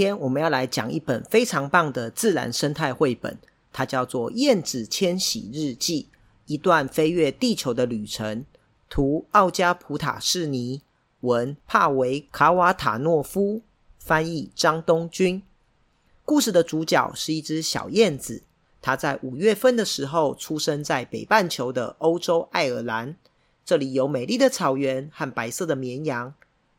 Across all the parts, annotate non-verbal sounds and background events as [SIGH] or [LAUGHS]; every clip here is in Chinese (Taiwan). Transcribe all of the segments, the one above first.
今天我們要來講一本非常棒的自然生態繪本，它叫做《燕子遷徙日記：一段飛越地球的旅程》，圖奧嘉·普塔世尼，文帕維卡瓦塔諾夫，翻譯張東君。故事的主角是一隻小燕子，它在五月份的時候出生在北半球的歐洲愛爾蘭，這裡有美麗的草原和白色的綿羊。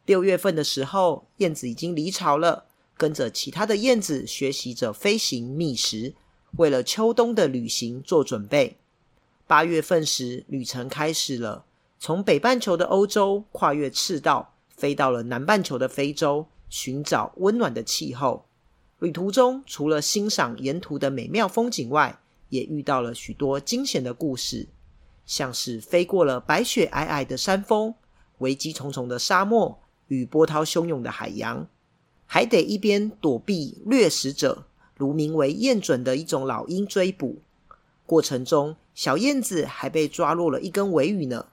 六月份的時候，燕子已經離巢了。跟着其他的燕子學習着飛行覓食，為了秋冬的旅行做準備。八月份時，旅程開始了，從北半球的歐洲跨越赤道，飛到了南半球的非洲，尋找溫暖的氣候。旅途中，除了欣賞沿途的美妙風景外，也遇到了許多驚險的故事，像是飛過了白雪皚皚的山峰、危機重重的沙漠與波濤洶湧的海洋。還得一邊躲避掠食者，如名為燕隼的一種老鷹追捕。過程中，小燕子還被抓落了一根尾羽呢。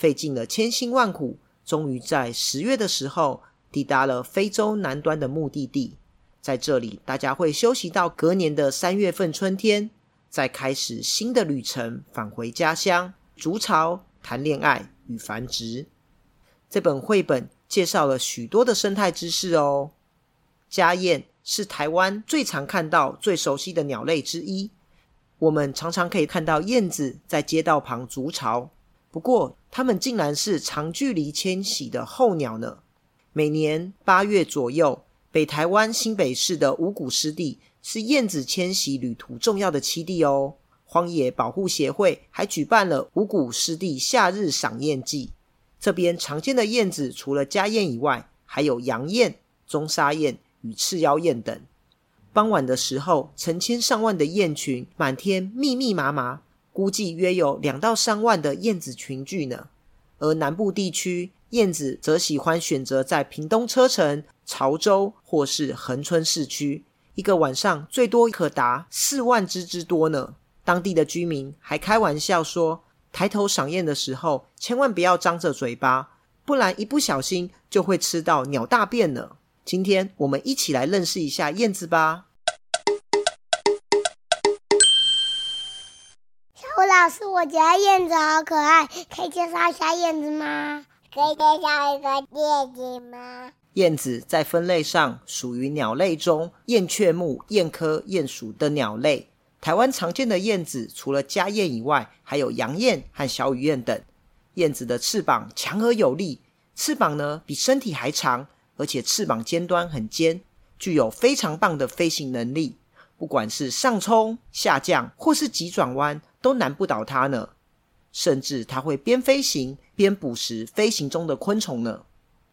費盡了千辛萬苦，終於在十月的時候抵達了非洲南端的目的地。在這裡，大家會休息到隔年的三月份春天，再開始新的旅程，返回家鄉築巢、談戀愛與繁殖。這本繪本介紹了許多的生態知識哦。家燕是台灣最常看到、最熟悉的鳥類之一。我們常常可以看到燕子在街道旁築巢，不過它們竟然是長距離遷徙的候鳥呢。每年八月左右，北台灣新北市的五股濕地是燕子遷徙旅途重要的棲地哦。荒野保護協會還舉辦了五股濕地夏日賞燕季。這邊常見的燕子除了家燕以外，還有洋燕、棕沙燕，與赤腰燕等，傍晚的時候，成千上萬的燕群滿天密密麻麻，估計約有兩到三萬的燕子群聚呢。而南部地區，燕子則喜歡選擇在屏東車城、潮州或是恆春市區，一個晚上最多可達四萬隻之多呢。當地的居民還開玩笑說，抬頭賞燕的時候，千萬不要張着嘴巴，不然一不小心就會吃到鳥大便呢。今天我們一起來認識一下燕子吧。小虎老師，我覺得燕子好可愛，可以介紹一下燕子嗎？可以介紹一個燕子嗎？燕子在分類上屬於鳥類中燕雀目燕科燕屬的鳥類。台灣常見的燕子除了家燕以外，還有洋燕和小雨燕等。燕子的翅膀強而有力，翅膀呢，比身體還長。而且翅膀尖端很尖，具有非常棒的飛行能力。不管是上衝、下降，或是急轉彎，都難不倒它呢。甚至它會邊飛行邊捕食飛行中的昆蟲呢。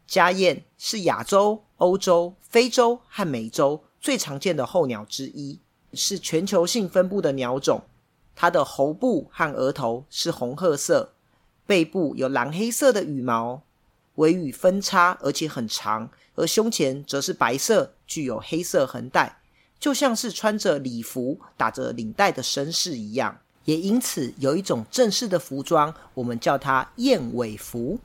家燕是亞洲、歐洲、非洲和美洲最常見的候鳥之一，是全球性分布的鳥種。它的喉部和額頭是紅褐色，背部有藍黑色的羽毛。尾羽分叉，而且很長，而胸前則是白色，具有黑色橫帶，就像是穿着禮服、打着領帶的紳士一樣。也因此有一種正式的服裝，我們叫它燕尾服。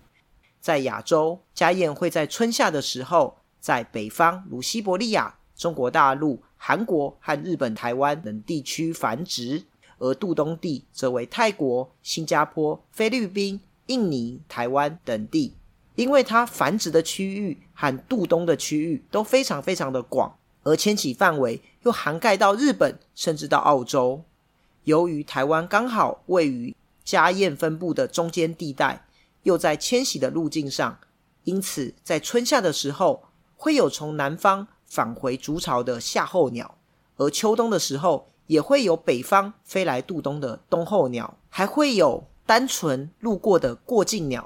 在亞洲，家燕會在春夏的時候，在北方如西伯利亞、中國大陸、韓國和日本、台灣等地區繁殖，而渡冬地則為泰國、新加坡、菲律賓、印尼、台灣等地。因為它繁殖的區域和渡冬的區域都非常非常的廣，而遷徙範圍又涵蓋到日本甚至到澳洲。由於台灣剛好位於家燕分布的中間地帶，又在遷徙的路徑上，因此在春夏的時候會有從南方返回築巢的夏候鳥，而秋冬的時候也會有北方飛來渡冬的冬候鳥，還會有單純路過的過境鳥。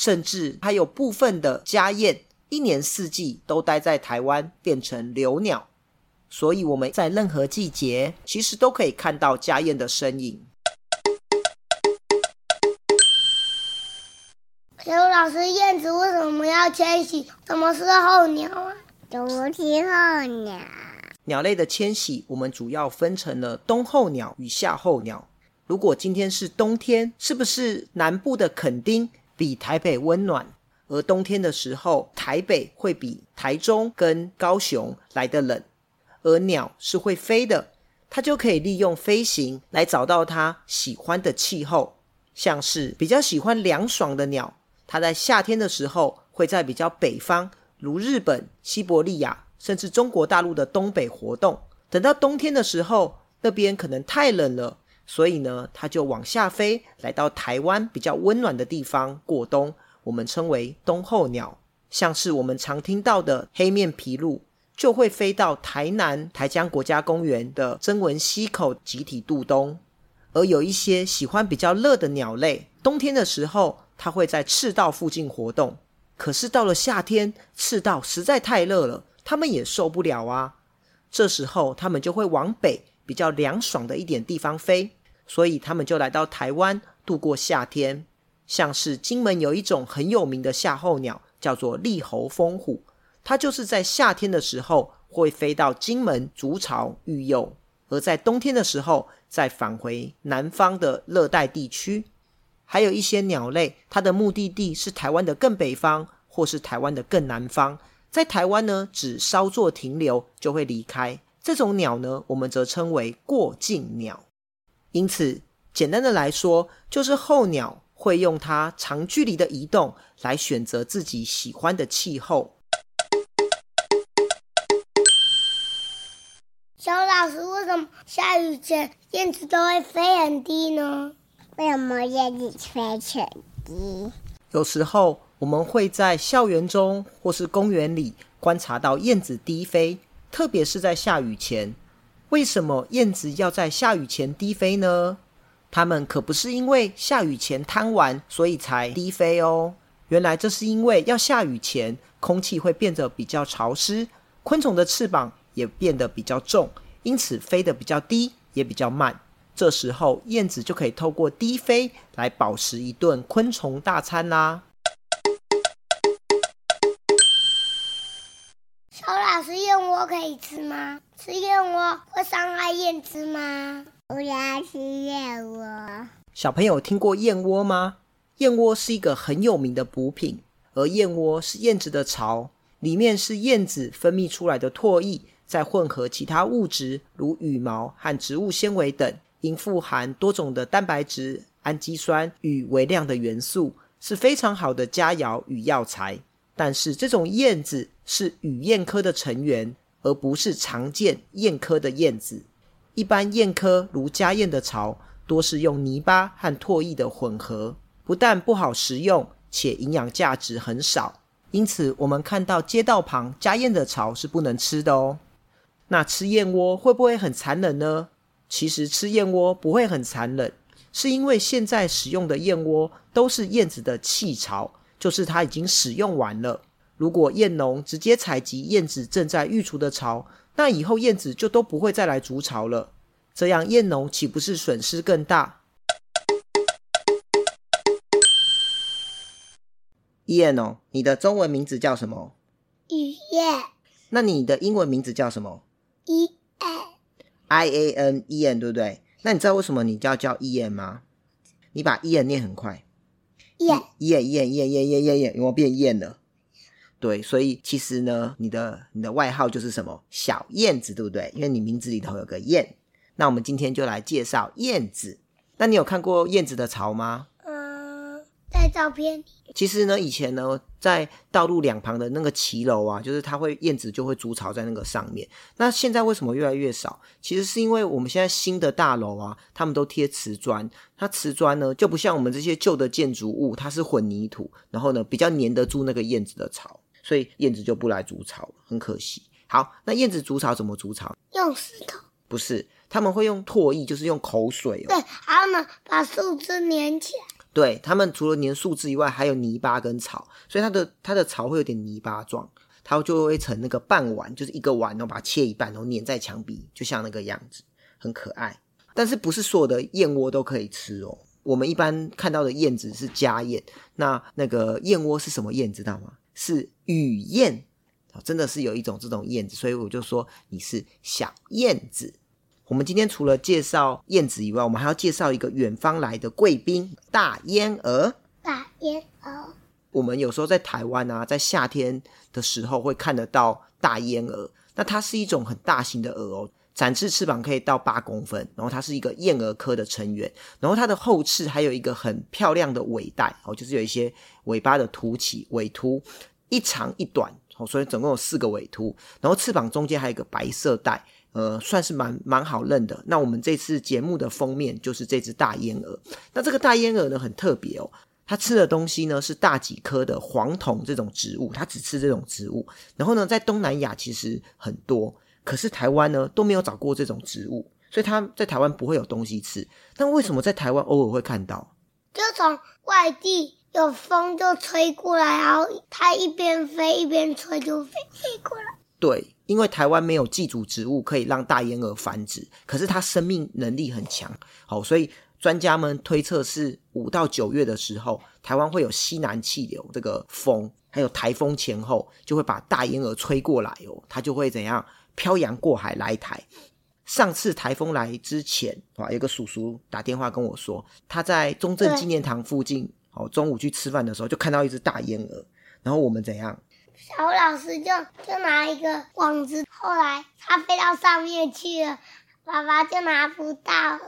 甚至還有部分的家燕一年四季都待在台灣，變成留鳥。所以我們在任何季節，其實都可以看到家燕的身影。小虎老師，燕子為什麼要遷徙？什麼是候鳥啊？怎麼是候鳥？鳥類的遷徙，我們主要分成了冬候鳥與夏候鳥。如果今天是冬天，是不是南部的墾丁？比台北溫暖，而冬天的時候，台北會比台中跟高雄來得冷。而鳥是會飛的，它就可以利用飛行來找到它喜歡的氣候。像是比較喜歡涼爽的鳥，它在夏天的時候會在比較北方，如日本、西伯利亞，甚至中國大陸的東北活動。等到冬天的時候，那邊可能太冷了。所以呢，它就往下飛，來到台灣比較溫暖的地方過冬，我們稱為冬候鳥。像是我們常聽到的黑面琵鷺，就會飛到台南台江國家公園的曾文溪口集體度冬。而有一些喜歡比較熱的鳥類，冬天的時候它會在赤道附近活動。可是到了夏天，赤道實在太熱了，它們也受不了啊。這時候它們就會往北比較涼爽的一點地方飛。所以他們就來到台灣度過夏天。像是金門有一種很有名的夏候鳥，叫做栗喉蜂虎，它就是在夏天的時候會飛到金門築巢育幼，而在冬天的時候再返回南方的熱帶地區。還有一些鳥類，它的目的地是台灣的更北方或是台灣的更南方，在台灣呢，只稍作停留就會離開。這種鳥呢，我們則稱為過境鳥。因此，簡單的來說，就是候鳥會用它長距離的移動來選擇自己喜歡的氣候。小老師，為什麼下雨前燕子都會飛很低呢？為什麼燕子飛很低？有時候我們會在校園中或是公園裡觀察到燕子低飛，特別是在下雨前。為什麼燕子要在下雨前低飛呢？它們可不是因為下雨前貪玩，所以才低飛哦。原來這是因為要下雨前，空氣會變得比較潮濕，昆蟲的翅膀也變得比較重，因此飛得比較低，也比較慢。這時候，燕子就可以透過低飛來飽食一頓昆蟲大餐啦，啊。可以吃嗎？吃燕窩會傷害燕子嗎？我要吃燕窩。小朋友聽過燕窩嗎？燕窩是一個很有名的補品，而燕窩是燕子的巢，裡面是燕子分泌出來的唾液，再混合其他物質如羽毛和植物纖維等，因富含多種的蛋白質、氨基酸與微量的元素，是非常好的佳餚與藥材。但是這種燕子是雨燕科的成員。而不是常見燕科的燕子。一般燕科如家燕的巢，多是用泥巴和唾液的混合，不但不好食用，且營養價值很少。因此，我們看到街道旁家燕的巢是不能吃的哦。那吃燕窩會不會很殘忍呢？其實吃燕窩不會很殘忍，是因為現在使用的燕窩都是燕子的棄巢，就是它已經使用完了。如果燕農直接採集燕子正在育雛的巢，那以後燕子就都不會再來築巢了。這樣燕農豈不是損失更大？Ian 哦，你的中文名字叫什麼？雨燕。那你的英文名字叫什麼？Ian。I A N Ian，對不對？那你知道為什麼你叫叫 Ian 嗎？你把 Ian 念很快。Ian Ian Ian，有沒有變燕了？對，所以其實呢，你的你的外號就是什麼小燕子，對不對？因為你名字裡頭有個燕。那我們今天就來介紹燕子。那你有看過燕子的巢嗎？嗯、呃，在照片。其實呢，以前呢，在道路兩旁的那個騎樓啊，就是它會燕子就會築巢在那個上面。那現在為什麼越來越少？其實是因為我們現在新的大樓啊，他們都貼瓷磚，它瓷磚呢就不像我們這些舊的建築物，它是混凝土，然後呢比較粘得住那個燕子的巢。所以燕子就不來築巢了，很可惜。好，那燕子築巢怎麼築巢？用石頭？不是，他們會用唾液，就是用口水哦。對，他們把樹枝粘起來。對，他們除了粘樹枝以外，還有泥巴跟草，所以它的它的草會有點泥巴狀，它就會成那個半碗，就是一個碗，然後把它切一半，然後粘在牆壁，就像那個樣子，很可愛。但是不是所有的燕窩都可以吃哦。我們一般看到的燕子是家燕，那那個燕窩是什麼燕知道嗎？是雨燕啊，真的是有一種這種燕子，所以我就說你是小燕子。我們今天除了介紹燕子以外，我們還要介紹一個遠方來的貴賓——大燕蛾。大燕蛾，我們有時候在台灣啊，在夏天的時候會看得到大燕蛾，那它是一種很大型的蛾哦。展翅翅膀可以到八公分，然後它是一個燕蛾科的成員，然後它的後翅還有一個很漂亮的尾帶哦，就是有一些尾巴的凸起尾突，一長一短哦，所以總共有四個尾突，然後翅膀中間還有一個白色帶，呃，算是蠻蠻好認的。那我們這次節目的封面就是這隻大燕蛾。那這個大燕蛾呢，很特別哦，它吃的東西呢是大戟科的黃桐這種植物，它只吃這種植物，然後呢，在東南亞其實很多。可是台灣呢都沒有找過這種植物，所以它在台灣不會有東西吃。但為什麼在台灣偶爾會看到？就從外地有風就吹過來，然後它一邊飛一邊吹就飛，飛過來。對，因為台灣沒有寄主植物可以讓大燕蛾繁殖，可是它生命能力很強，好，所以專家們推測是五到九月的時候，台灣會有西南氣流，這個風還有颱風前後就會把大燕蛾吹過來哦，它就會怎樣？漂洋過海來台，上次台風來之前啊，有個叔叔打電話跟我說，他在中正紀念堂附近，哦、中午去吃飯的時候就看到一隻大燕蛾，然後我們怎樣？小老師就就拿一個網子，後來他飛到上面去了，爸爸就拿不到了，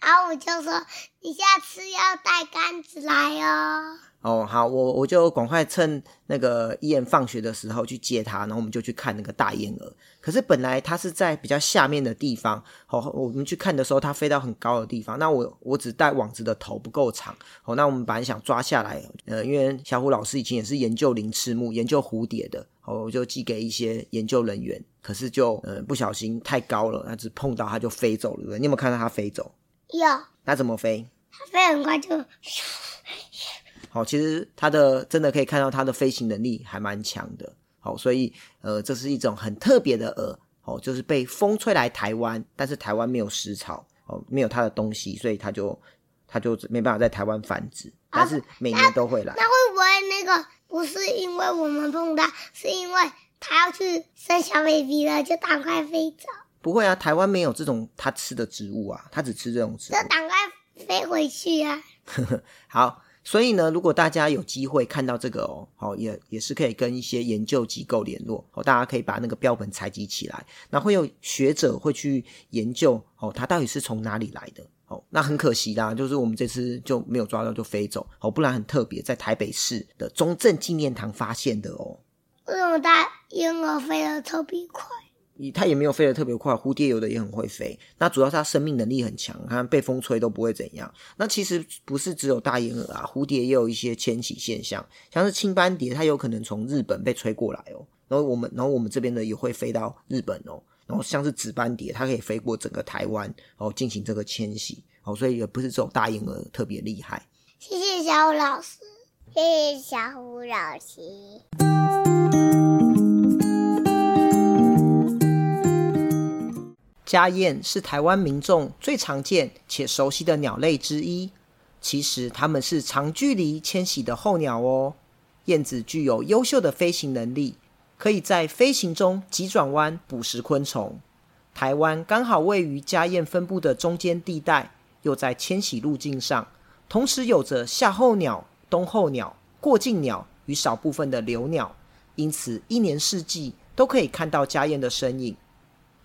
然後我就說你下次要帶竿子來哦。哦，好，我我就趕快趁那個燕放學的時候去接他，然後我們就去看那個大燕蛾。可是本來它是在比較下面的地方，哦，我們去看的時候，它飛到很高的地方。那我我只帶網子的頭不夠長，哦，那我們本來想抓下來，呃，因為小虎老師以前也是研究鱗翅目、研究蝴蝶的，哦，我就寄給一些研究人員。可是就，呃，不小心太高了，那只碰到它就飛走了。你有沒有看到它飛走？有。那怎麼飛？它飛很快就。 [LAUGHS] 好，其實它的真的可以看到它的飛行能力還蠻強的。好、哦，所以呃，這是一種很特別的蛾。哦，就是被風吹來台灣，但是台灣沒有食草，哦，沒有它的東西，所以它就它就沒辦法在台灣繁殖。哦、但是每年都會來。那,那會不會那個不是因為我們碰到，是因為它要去生小 baby 了，就趕快飛走？不會啊，台灣沒有這種它吃的植物啊，它只吃這種植物。就趕快飛回去啊！ [LAUGHS] 好。所以呢，如果大家有機會看到這個哦，好，也也是可以跟一些研究機構聯絡哦，大家可以把那個標本採集起來，那會有學者會去研究哦，它到底是從哪裡來的哦。那很可惜啦，就是我們這次就沒有抓到，就飛走哦，不然很特別，在台北市的中正紀念堂發現的哦。為什麼大燕蛾飛得特別快？它也沒有飛得特別快，蝴蝶有的也很會飛。那主要是它生命能力很強，它被風吹都不會怎樣。那其實不是只有大燕蛾啊，蝴蝶也有一些遷徙現象，像是青斑蝶，它有可能從日本被吹過來哦。然後我們，然後我們這邊呢也會飛到日本哦。然後像是紫斑蝶，它可以飛過整個台灣，哦，然後進行這個遷徙哦。所以也不是只有大燕蛾特別厲害。謝謝小虎老師，謝謝小虎老師。謝謝家燕是台灣民眾最常見且熟悉的鳥類之一。其實，它們是長距離遷徙的候鳥哦。燕子具有優秀的飛行能力，可以在飛行中急轉彎捕食昆蟲。台灣剛好位於家燕分布的中間地帶，又在遷徙路徑上，同時有着夏候鳥、冬候鳥、過境鳥與少部分的留鳥，因此一年四季都可以看到家燕的身影。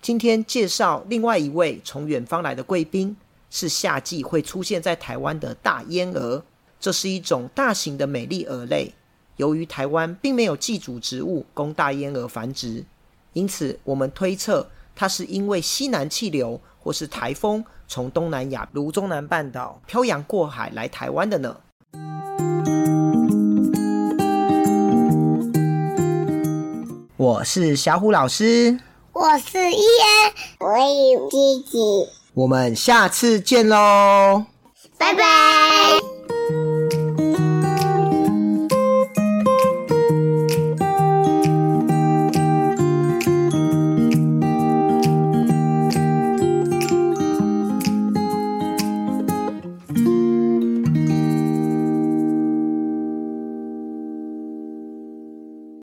今天介紹另外一位從遠方來的貴賓，是夏季會出現在台灣的大燕蛾。這是一種大型的美麗蛾類。由於台灣並沒有寄主植物供大燕蛾繁殖，因此我們推測它是因為西南氣流或是台風從東南亞（如中南半島）漂洋過海來台灣的呢。我是小虎老師。我是伊恩，我有弟弟。我們下次見嘍，拜拜。